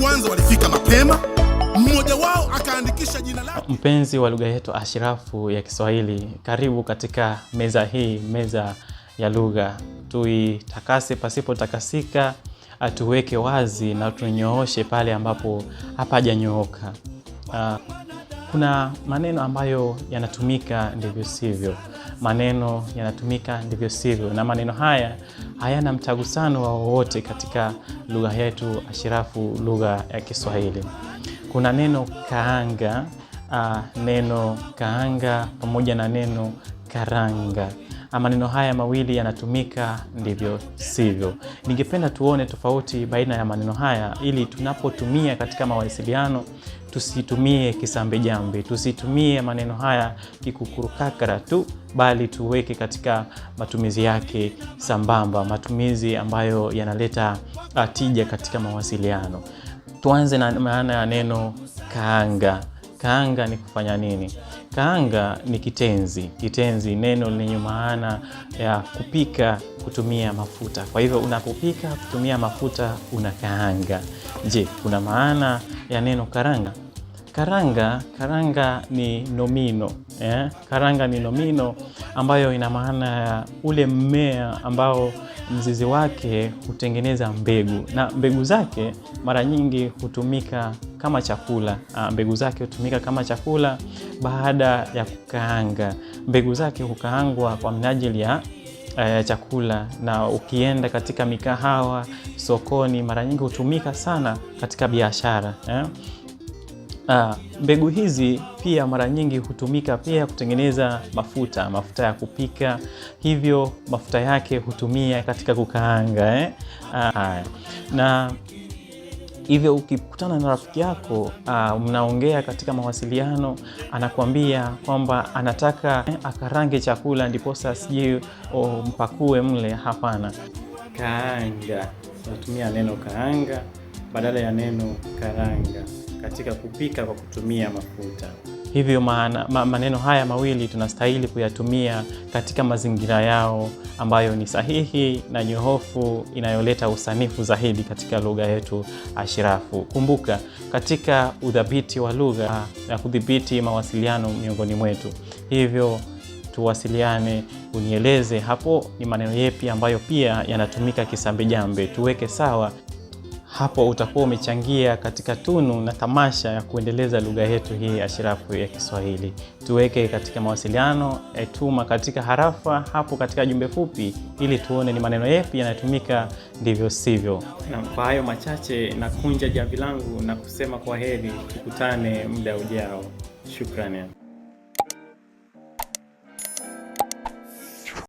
kwanza walifika mapema, mmoja wao akaandikisha jina lake. Mpenzi wa lugha yetu ashirafu ya Kiswahili, karibu katika meza hii, meza ya lugha. Tuitakase pasipotakasika, atuweke wazi na tunyooshe pale ambapo hapajanyooka. Uh, kuna maneno ambayo yanatumika ndivyo sivyo, maneno yanatumika ndivyo sivyo, na maneno haya hayana mtagusano wa wowote katika lugha yetu ashirafu, lugha ya Kiswahili. Kuna neno kaanga, uh, neno kaanga pamoja na neno karanga. Maneno haya mawili yanatumika ndivyo sivyo. Ningependa tuone tofauti baina ya maneno haya ili tunapotumia katika mawasiliano tusitumie kisambe jambe, tusitumie maneno haya kikukurukakara tu, bali tuweke katika matumizi yake sambamba, matumizi ambayo yanaleta ah, tija katika mawasiliano. Tuanze na maana ya neno kaanga. Kaanga ni kufanya nini? Kaanga ni kitenzi, kitenzi neno lenye maana ya kupika kutumia mafuta. Kwa hivyo unapopika kutumia mafuta unakaanga. Je, kuna maana ya neno karanga? Karanga, karanga ni nomino eh? Karanga ni nomino ambayo ina maana ya ule mmea ambao mzizi wake hutengeneza mbegu, na mbegu zake mara nyingi hutumika kama chakula. Ah, mbegu zake hutumika kama chakula baada ya kukaanga. Mbegu zake hukaangwa kwa minajili ya eh, chakula na ukienda katika mikahawa, sokoni, mara nyingi hutumika sana katika biashara eh? Aa, ah, mbegu hizi pia mara nyingi hutumika pia kutengeneza mafuta mafuta ya kupika, hivyo mafuta yake hutumia katika kukaanga eh? Uh, na hivyo ukikutana na rafiki yako ah, mnaongea katika mawasiliano, anakuambia kwamba anataka eh, akarange chakula ndiposa sijui mpakue mle. Hapana, kaanga, natumia neno kaanga badala ya neno karanga katika kupika kwa kutumia mafuta. Hivyo maana, ma, maneno haya mawili tunastahili kuyatumia katika mazingira yao ambayo ni sahihi na nyohofu inayoleta usanifu zaidi katika lugha yetu ashirafu. Kumbuka, katika udhabiti wa lugha na kudhibiti mawasiliano miongoni mwetu, hivyo tuwasiliane, unieleze hapo ni maneno yepi ambayo pia yanatumika kisambejambe, tuweke sawa. Hapo utakuwa umechangia katika tunu na tamasha ya kuendeleza lugha yetu hii ashirafu ya Kiswahili. Tuweke katika mawasiliano, etuma eh, katika harafa, hapo katika jumbe fupi, ili tuone ni maneno yepi yanatumika, ndivyo sivyo. Na kwa hayo machache, nakunja jamvi langu na kusema kwa heri, tukutane muda ujao. Shukrani.